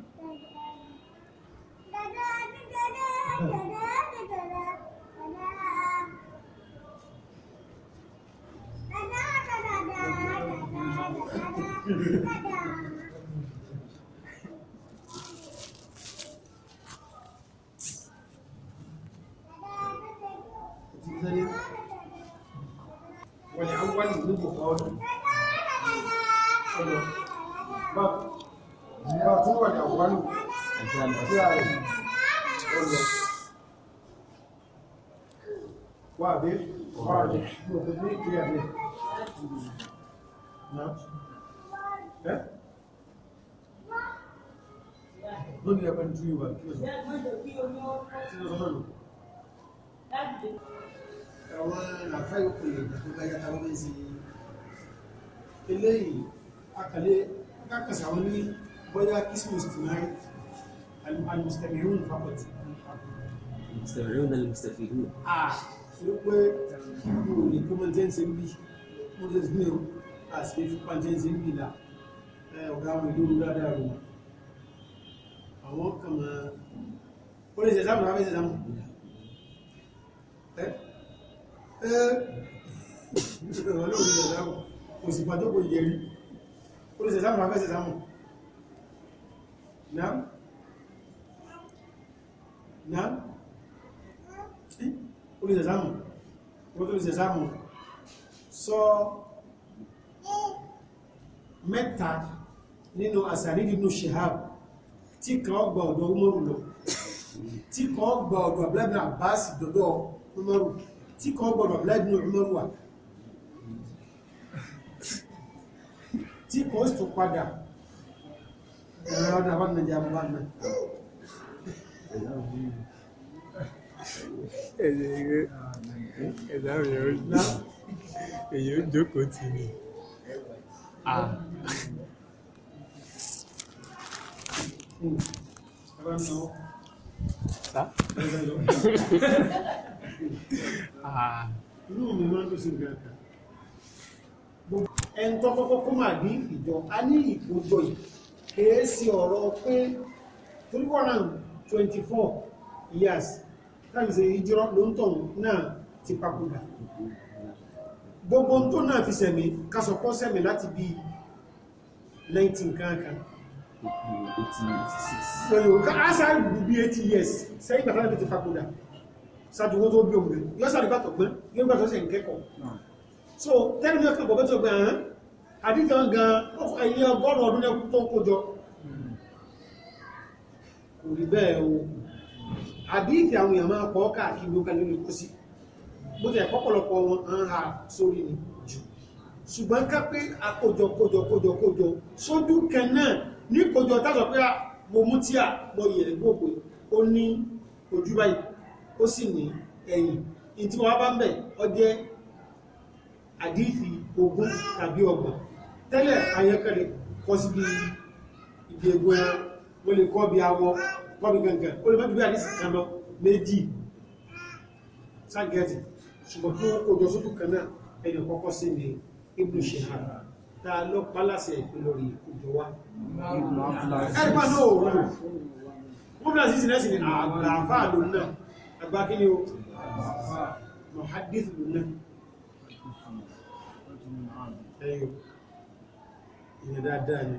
wà ní ìlú bọ̀kọ́ọ̀dù ọ̀nà bá tún wà a rẹ̀ ọ̀nà àwọn àfáyọkùn ìgbà tó báyá táwọn bẹ́ẹ̀ sí eléyìí akàlẹ́ akákàsà wọn ní bóyá kismus ti máa almustamirun fapot mustamirun na mustafihun ah ló pé mo ní kó mọ jẹ́ ń se ń bí mo jẹ́ sí fipá jẹ́ ń bí là ọ̀gá àwọn ìlú dáadáa rò wọn àwọn kan máa ó lè ṣe sáàmù lábẹ́ ṣe sáàmù ìrọ̀lẹ́ òní ìjọba kò sì gbà tó kò yẹ rí ó lè sẹ̀sáàmù afẹ́ sẹ̀sáàmù náà náà ó lè sẹ̀sáàmù ó tó lè sẹ̀sáàmù sọ mẹ́ta nínú àsàrídìdù shihab tí kan gba ọ̀dọ̀ umaru lọ tí kan gba ọ̀dọ̀ abúlẹ́bìn àbáàsì dọ̀dọ̀ umaru lọ tí kọ́ gbọ́dọ̀ lẹ́gbìn olórùwà tí kò sùn padà ẹ̀rọ ọdá wà nàìjíríà bá nà ẹ̀dá rẹ̀ ó ná èyí ó jókòó tì ní Sa? Ah. inú mi máa ń tó sí nǹkan kan ẹni tó kọ́kọ́ kó máa ní ìjọ a ní ìkójọ yìí kìí sí ọ̀rọ̀ pé three hundred and twenty four years times ìjírọ́ ló ń tọ̀ náà ti papòdà gbogbo tó náà fi sẹ̀mí kásọ̀pọ̀ sẹ̀mí láti bí 19 kankan lórí òkú ásá bí 80 years sẹ́yìn bàtà lè ti papòdà ṣáájú owó tó bí òun rẹ̀ yóò sáré bàtọ̀ gbọ́n yóò gbàtọ̀ sí ìkẹ́kọ̀ọ́ hmm. so tẹ́lẹ̀ mi ọkàn bọ̀bẹ́ tó gbẹ̀ hàn àdíjọ gan ayé ọgọ́rùn ọdún lẹ́kùn tó ń kójọ kò rí bẹ́ẹ̀ o àdíjì àwọn èèyàn máa kọ́ káàkiri ló kálẹ̀ lè kó sí bó ti ẹ̀kọ́ pọ̀lọpọ̀ wọn à ń ha sórí ni jù ṣùgbọ́n ká pé àkójọ kójọ kójọ kójọ ó sì ní ẹ̀yìn ní tí wọ́n bá ń bẹ̀ ọ jẹ́ àdífì ogún tàbí ọgbọ̀n tẹ́lẹ̀ ayẹ́kẹ́lẹ̀ kọ́ sí bí ibi egbò ẹran ó lè kọ́ bí awọ kọ́ bí gangan ó lè mẹ́bí bí àdísì kan lọ méjì ságẹ́ẹ̀tì ṣùgbọ́n kí wọ́n kójọ sójú kan náà ẹni kọ́kọ́ sí ni ibùdó ṣe hàn ta ló pálásẹ ìpínlẹ̀ orí ìjọ wa ẹgbà náà òun mú bí àdísì sì ni àgbà àfáà lòun náà àgbà kí ni o mohadith lónà ẹ̀yọ ìyẹn dáadáa ni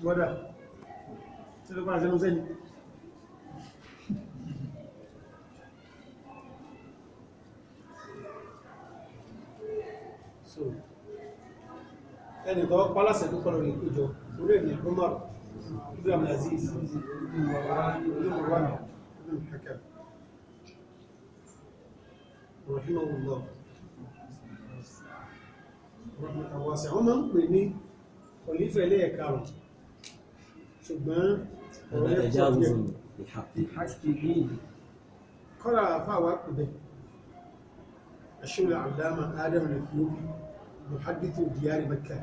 gbọ́dá tí ló bá àṣẹ́lú sẹ́yìn so ẹnìkan pálásẹ̀ tó kọ́lọ̀ rẹ̀ kó ولين عمر بن عبد العزيز بن مروان بن مروان بن الحكم رحمه الله رحمة واسعة wọ́n máa ń pè ní kọ̀lífẹ̀ ilé ẹ̀ka rùn ṣùgbọ́n ọ̀rẹ́ kọ́lá àfáwà pẹ̀lẹ̀ ẹ̀ṣùlẹ̀ àdáma adam rẹ̀ fún muhaddithu diyari Makkah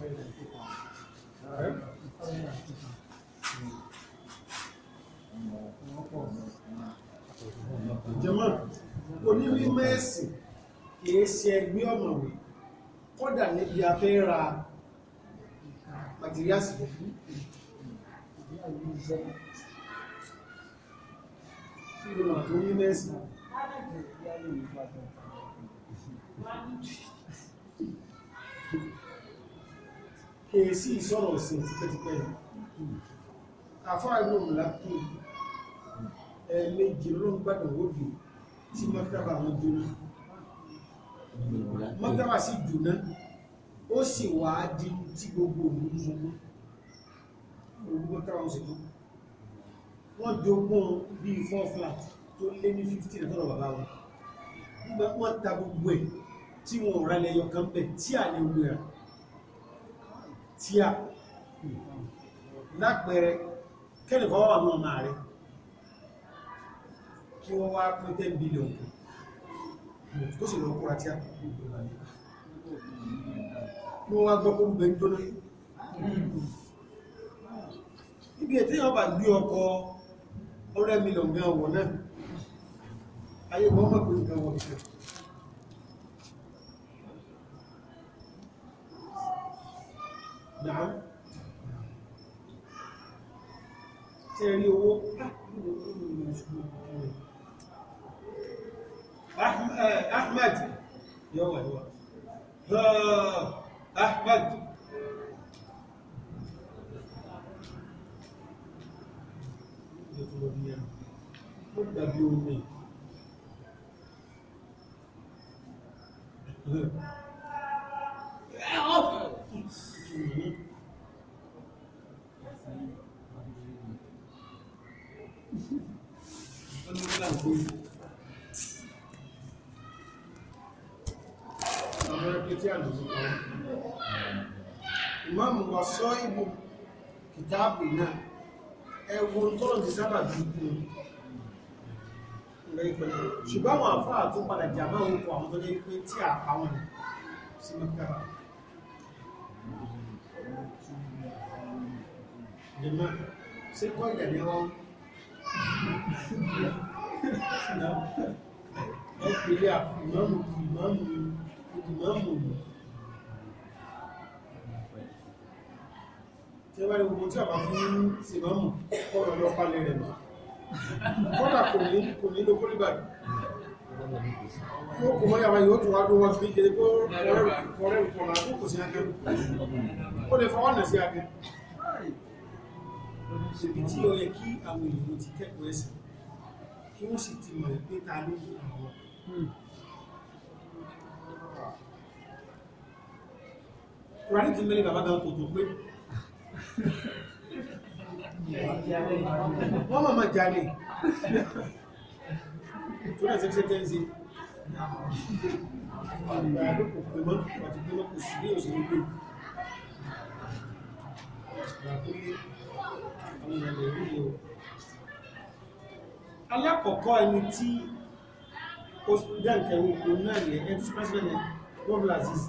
jẹ́mọ́ onímọ̀ ẹ̀sìn kìí ṣe ẹgbẹ́ ọ̀mọ̀wé kọ́dà níbi afẹ́ ra materials lẹ́kú Thank you. kèèsí ìsọ̀rọ̀ ọ̀sìn tipẹ́tipẹ́ àfáàlù lápò ẹ̀ẹ̀mejì lọ́gbàdàn òdì tí mọ́tàbà wọn jóná mọ́tàbà sì jóná ó sì wà á di tí gbogbo òun mọ́ òun mọ́tàbà wọn sì tó wọ́n jogún bí four flat tó lé ní 15 ẹ̀tọ́rọ̀ bàbá wọn wọ́n ta gbogbo ẹ̀ tí wọ́n rà lẹ́yọ kan bẹ̀ tí à ní ogun ẹ̀rọ tí a lápẹẹrẹ kẹ́lẹ̀kọ́ wà mọ́ ọmọ rẹ̀ kí wọ́n wá pín 10 billion tó sì lọ kúra tí a kí wọ́n wá gbọ́ kó ń bẹ ń jóná ibi ètí yàn bá gbé ọkọ̀ ọ̀rẹ́ mílíọ̀n gan wọ̀ náà ayé mọ̀ pé nǹkan wọ̀ ìṣẹ́ náà tí ẹ rí owó ah, Ahmed yọ́wà yọ́wà ah, Ahmed ó dàbí omi ìmáàmù wa sọ ìbò kìtàbù náà ẹwọ tọ́rọ ti sábà dúkú ṣùgbọ́n àwọn àfáà tó padà jàmá òkú àwọn tó lé pé tí àpáwọn sí mẹ́kàrà lè máa sí kọ́ ìdàmẹ́wọ́n não fi ilé ìmáàmù ìmáàmù ìmáàmù tí wọ́n rí gbogbo tí a bá fún ìmáàmù kọ́rọ̀ lọ palẹ̀ rẹ̀ mọ́ kọ́nà kò ní kò ní lókó nígbàdì ó kò mọ́ yàwá yóò tún wá tó wọ́n fi por kó rẹ̀rù kọ̀nà tó kò sí akẹ́ ó lè fọwọ́ nà sí akẹ́ ibi tí ó yẹ kí àwọn èèyàn ti kẹ́kọ̀ọ́ ẹ̀sìn kí wọ́n sì ti mọ̀ pé ta ló yí àwọn. Hmm. Kùránì ti mẹ́lẹ̀ bàbá gan kò tó pé. Wọ́n mọ̀ mọ̀ jalè. Tó náà sẹ́kẹ́ tẹ́ ń ṣe. Àgbà ló kò pè mọ́, àti pé mọ́ kò sí ní òṣèlú gbé. Àgbà tó yé àwọn ìrìnàlẹ̀ yìí o alákọ̀ọ́kọ́ ẹni tí ó dẹ̀ nkẹ̀wò kò náà ní ẹni tí pẹ́sìlẹ̀ lọ́bùlà aziz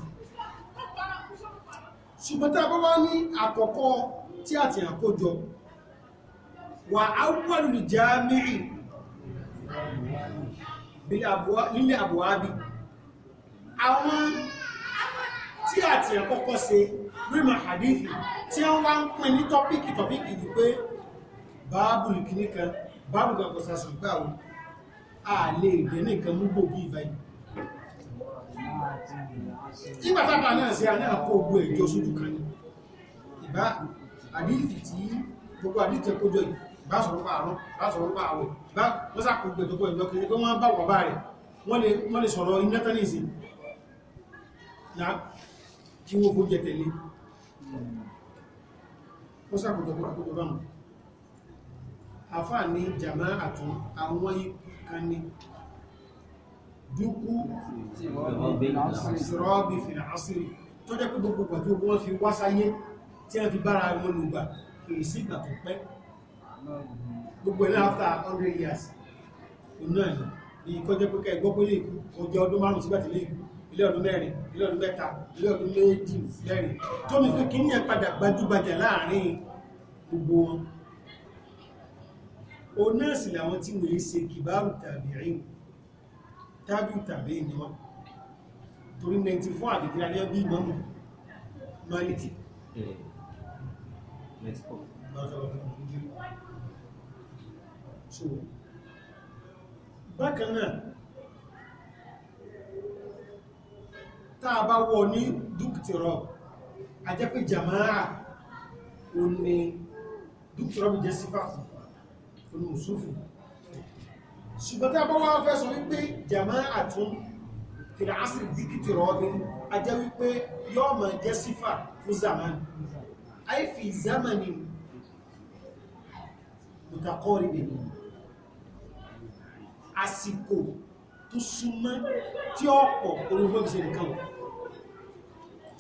ṣùgbọ́n tí a bá wá ní àkọ́kọ́ tí a ti hàn kó jọ wà á wọ́n lè já mẹ́rin nílé àbúhábí àwọn tí a ti hàn kọ́kọ́ ṣe rímọ̀ hadithi tí wọ́n wá ń pín ní tọ́píkì tọ́píkì ní pé báábùlù kìíní kan báàbù kan kò sàṣọ ìgbà wo a lè dẹ nìkan mú gbòógì ìbáyìí nígbà tábà náà sí àná àkó ogbó ẹjọ́ sójú kan ní ìbá àdífì tí gbogbo àdífì kójọ yìí bá sọ̀rọ̀ bá àrùn bá sọ̀rọ̀ bá àwẹ̀ bá wọ́n sàkó gbẹ̀tọ̀gbọ̀ àfáà ní jàmá àtú àwọn kan ní dúkú ìsìrọ́bì fìràásìrì tó jẹ́ pé gbogbo pàtí ogun wọ́n fi wásáyé tí a fi bára wọn lùgbà kìí sí ìgbà tó pẹ́ gbogbo ilé after 100 years náà ni ìkọjẹ́ pé kẹ́ gbọ́gbọ́ lè kú ọjọ́ ọdún márùn-ún sígbàtí ilé ọdún mẹ́rin ilé ọdún mẹ́ta ilé ọdún méjì mẹ́rin tó mi fi kí ní ẹ padà gbajúgbajà láàrin gbogbo wọn o náà sì làwọn tí wọ́n ṣe kìbáàrù tàbí'ìn tábí tàbí'ìn ni wọ́n torí 94 àdìkìrà ní ọbí ìmọ̀mù Málìkì bákan náà tá a bá wọ ní dúkìtìrọ̀ ajẹ́pẹ́ jàmáà ò ní dúkìtìrọ̀ bí jẹ́ sífà fún olú òṣòfò ṣùgbọ́n tí a bá wá fẹ́ sọ wípé jama àtún fìlàásì díkìtì rọ́ọ̀bí a jẹ́ wípé yóò máa jẹ́ sífà fún zaman ayé fi zamani mutakọ́rì bẹ̀rẹ̀ àsìkò tó súnmọ́ tí ọ̀pọ̀ olùgbọ́n ṣe nǹkan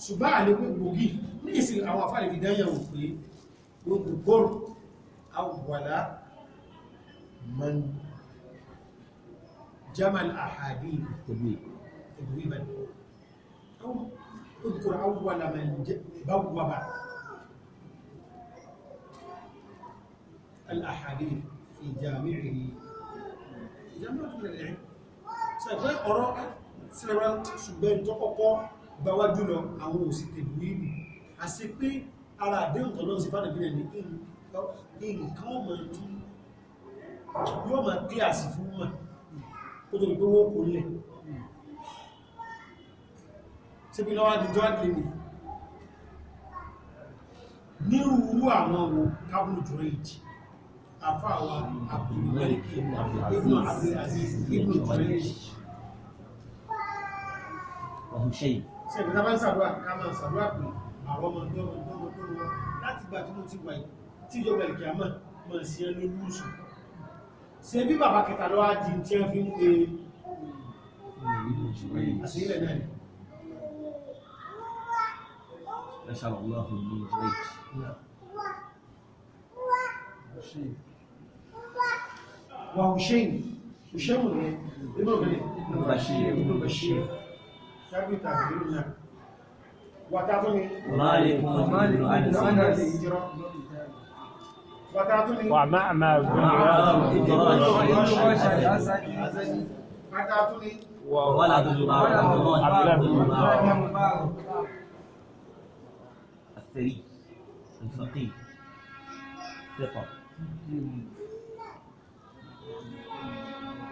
ṣùgbọ́n àlepé gbòógì ní ìsìn àwọn afáàlẹ̀ ìdáyàwó pé gbogbo gọ́rù àwọ̀wàlá من جمع الأحاديث تبويبا أو اذكر أول من بوب الأحاديث في جامعه جامعة العلم sàgbẹ́ ọ̀rọ̀ sílẹ̀rà ṣùgbọ́n tó kọ́kọ́ gbáwájú lọ àwọn òsì tẹ̀lúwìdì àti pé ara àdéhùn tọ́lọ́sí fánàbí rẹ̀ ní nǹkan ọmọ tún yóò máa kíláàsì fún mọ̀ kó tó gbé wọ́n kò lẹ̀ síbi lọ́wọ́ di drug clinic nírúurú àwọn wo kábùlù jùlọ ìjì àfáàwà àpòlùmọ̀lẹ́kì ìbùnà àbúrẹ́sì ìbùnà jùlọ ìjì ọ̀hún ṣe yìí sẹ́gbẹ̀ tá bá ń sàdúrà ká máa sàdúrà pé àwọn ọmọ ọdún ọmọ ọdún ọmọ láti gbà tí mo ti wà yìí tíjọba ìkìyàmọ̀ mọ̀ sí ẹ lórí ìṣòro ṣe bí bàbá kẹta lọ́wọ́ di tí wọ́n fi ń pe àṣílẹ̀ náà ni. نسأل الله من غيث وهشيم هشام ابن بشير ابن بشير sábì tàbí náà wàtàtúni. Máàlì kan máàlì kan àti sínú àti ìjírọ́ lónìí. ومعمى وولد مبارك عبد الله بن الثري الفقيه ثقة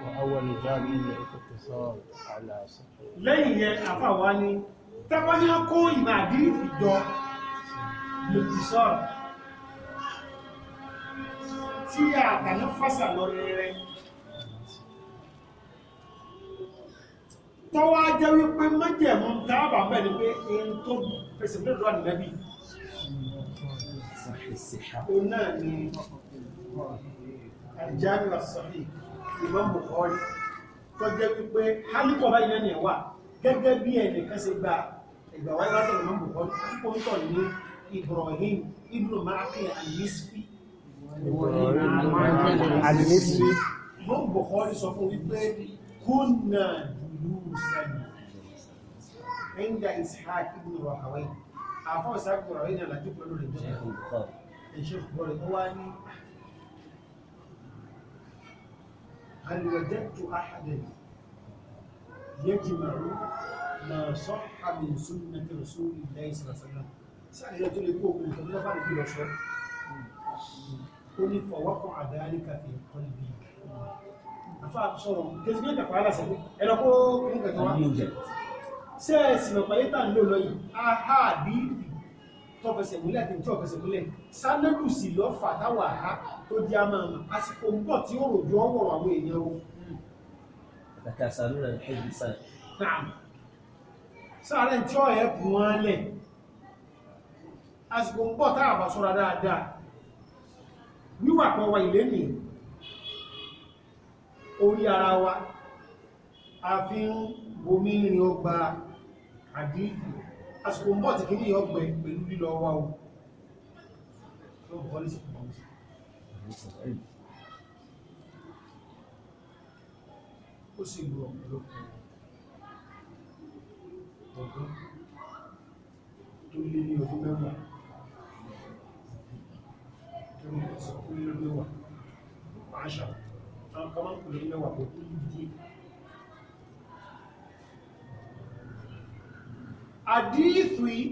وأول جانب الاتصال على صحة لين أفواني تبني أقوي مع دي في الدور الاتصال tí àtàná fásà lọ rẹ̀rẹ̀ tó wá jẹ́ wípé mẹ́jẹ̀mú dáàbà bẹ́ẹ̀ ni pé èyí tó fẹsẹ̀ lọ́dọ̀ ànìyàn bí òun náà ni àjáàmì àsọ̀rí Imam Bukhari tó jẹ́ wípé hálíkọ̀ báyìí náà ni ẹ̀wà gẹ́gẹ́ bí ẹnìkan ṣe gba ìgbà wáyé látọ̀ Imam Bukhari àkókò ń tọ̀ ní Ibrahim ibn Ma'aqil al-Nisfi àdìmísí. mọ́n bọ̀kọ́lì sọ fún wípé kúnnà dùlú sẹ́yìn ẹ̀ńdà ishaq ibn rahawai àfọ́ ishaq ibn rahawai ní àlàjú pẹ̀lú rẹ̀ jẹ́ ẹ̀ṣẹ́ bọ̀rẹ̀ tó wá ní هل وجدت أحدا يجمع ما صح من سنة رسول الله صلى الله عليه وسلم سأل رجل يقول من قبل فعل في رسول ó ní fọwọ́kàn àdáríkà fi kọ́ níbi àfa sọ̀rọ̀ kẹsìkì ní kàfà aláṣẹ ẹ̀rọ kó kún kẹta wá ṣe é sì mọ̀ pàyẹ́ tà ń lò lọ́yìn aha bí tọ́fẹsẹ̀ múlẹ̀ àti tọ́fẹsẹ̀ múlẹ̀ sanadu sì lọ fà táwà á tó di a máa mọ̀ àsìkò ń bọ̀ tí ó ròjọ́ àwọn èèyàn o. àtàkà sàlúrà ní ẹbí sáà. sáré tí ó ẹ̀ kù wọ́n lẹ̀ àsìkò ń bọ̀ tá a bá sọ́ra dáadáa wíwà kan wa ilé nì orí ara wa a fi ń bomi rin ọgbà àdífì àsìkò ń bọ̀ tí kìí ọgbẹ̀ pẹ̀lú lílọ wa o ó sì lọ ọ̀pọ̀lọpọ̀ ọ̀gán tó lé ní ọdún mẹ́wàá irin masu kullum yawa ma'asha an kamar kullum yawa ko kullum biyu àdíìsù yìí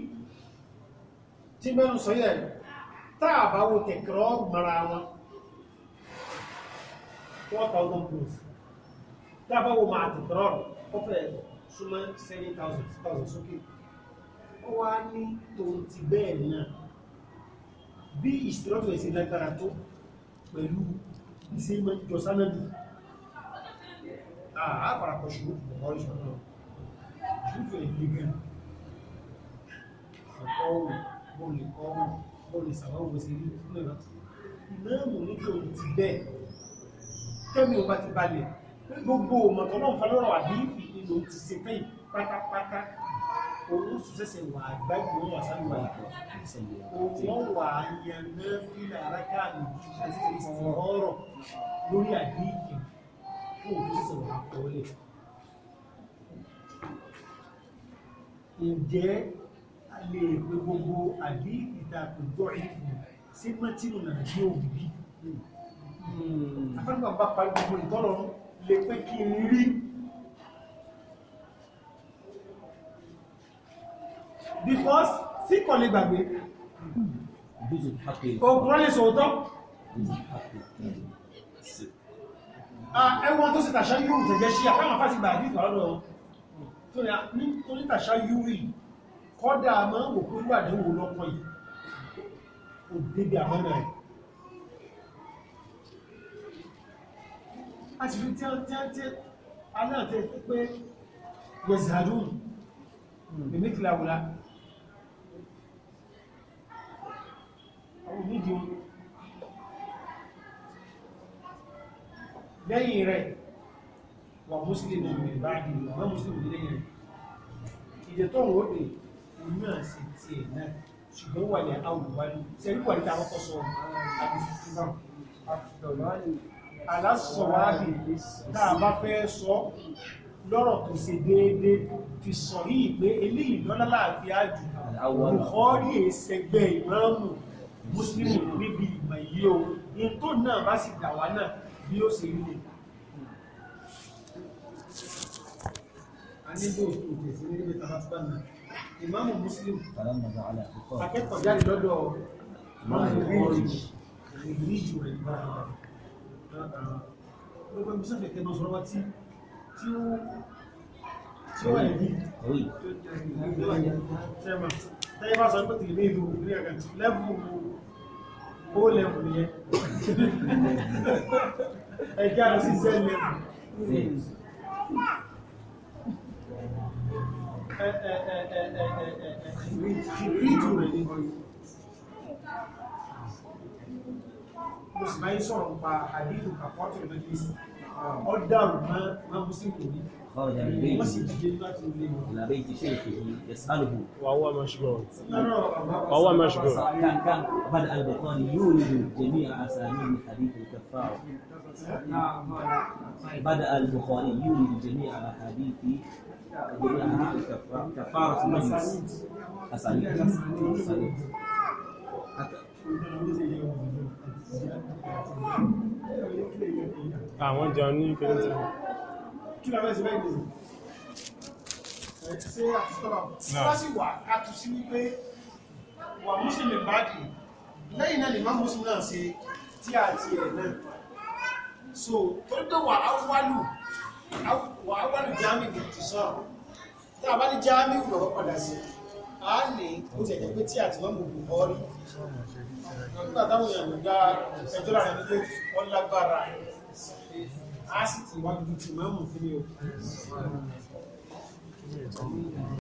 tí mẹ́nu sọ́yẹ̀ táà bá wo tẹ̀kẹ̀rọ mara wọn four thousand plus táà bá wo máa tẹ̀kẹ̀rọ ọ̀fẹ́ súnmọ́ seven thousand sókè ó wá ní tòun ti bẹ́ẹ̀ náà bí ìsìlọ́tọ̀ ìsìn lágbára tó pẹ̀lú ìsìn mọ́ jọ sánàdù àápàrapọ̀ ah, ṣùgbọ́n ọ̀rọ̀ ìṣọ̀rọ̀ lọ ṣùgbọ́n ìgbẹ̀gbẹ̀ ọ̀pọ̀ bọ́ọ̀lù kọ́ọ̀mù bọ́ọ̀lù sàwọ́wọ́ sí rí fún ẹ̀rọ náà mò ní kí òun ti bẹ́ẹ̀ tẹ́mi ò bá ti balẹ̀ gbogbo òmọ̀tọ́lọ́mfà lọ́rọ̀ àbí ìlò ti ṣe fẹ́ pátápátá òun sùn sẹ́sẹ̀ wà àgbájú òun wà sáré wà òun wà yẹnà fílẹ̀ aráká mi ọ̀rọ̀ lórí àdínkì fún òun sẹ́sẹ̀ wà àkọọ́lẹ̀ ǹjẹ́ a lè pe gbogbo àdínkì ta kò jọ ìfún sí mẹ́tìrù nàrà bí òun bí hmm. afẹ́gbàgbà parí gbogbo ìtọ́lọ́run lè pé kí n rí because tí kò lè gbàgbé òkúrọ́ lè sòótọ́ ẹwọ́n tó sì tàṣà yúrù tẹ̀jẹ́ sí àkáwọn afá ti gbàgbé ìtọ́lọ́dọ̀ tó yà nítorí tàṣà yúrù kọ́dà máa ń wòkú ní àdéhùn lọ́pọ̀ yìí ò débi àmọ́nà ẹ̀ a ti fi tíẹ́tíẹ́ aláàtẹ́ pé yẹ̀sàdùn mímíkìláwùlá àwọn onídìí wọn lẹ́yìn rẹ̀ wà muslim ní ìbáàdì wà muslim ní lẹ́yìn rẹ̀ ìdẹ̀ tó ń wọ́dẹ̀ oní àṣẹ ti ẹ̀ náà ṣùgbọ́n wà ní àwùwálú sẹ́rí wà ní ta àkọ́kọ́ sọ alásọ̀wábì táà bá fẹ́ sọ lọ́rọ̀ tó ṣe déédé fi sọ yìí pé eléyìí lọ́lá láàfíà jù Bukhari èsẹ̀gbẹ̀ ìmáàmù muslim níbi ìmọ̀ yìí o in tó náà bá sì dà wá náà bí ó ṣe rí ìmáàmù muslim akẹ́kọ̀ọ́ jáde lọ́dọ̀ ìrìnjù rẹ̀ gbogbo ẹgbẹ́ sọ́fẹ̀ kẹ́ lọ́sọ̀rọ̀ wá tí ó tí ó wà ní bí tẹ́ẹ̀mà tẹ́ẹ̀mà sọ pé tìrì ní ìlú ní ẹ̀kẹ́ lẹ́bùn ó lẹ́mù ní ẹ ẹjá lọ sí zẹ́ lẹ́mù ìrìdù rẹ̀ ní mo sì máa ń sọ̀rọ̀ pa àdínù àpọ́tò lọ́jọ́ ìsìn ọ̀dàrù máa mú sí ìròyìn خرج من بيته إلى بيت شيخه يسأله وهو مشغول وهو مشغول كان كان بدأ البخاري يورد جميع أسانيد حديث الكفار بدأ البخاري يورد جميع أحاديث جميع الكفار كفارة المجلس أسانيد أسانيد àwọn jẹun ní ìpínlẹ̀ kí la fẹ́ ṣe bẹ́ẹ̀ nìyí ṣe àtúntọ́ra bá sì wà á tu sí wípé wà mùsùlùmí báàdì lẹ́yìn náà lè má mùsùlùmí náà ṣe tí a ti ẹ̀ náà so tó dé wà á wálù wà á wálù jáàmì gidi sọ tá a bá ní jáàmì lọ́wọ́ padà sí a ní ó ti ẹ̀jẹ̀ pé tí a ti mọ́ gbogbo ọ̀rí nígbà táwọn èèyàn dá ẹjọ́ láàrin nílé ọlágbára á sì ti wá dúdú tí fún mi o.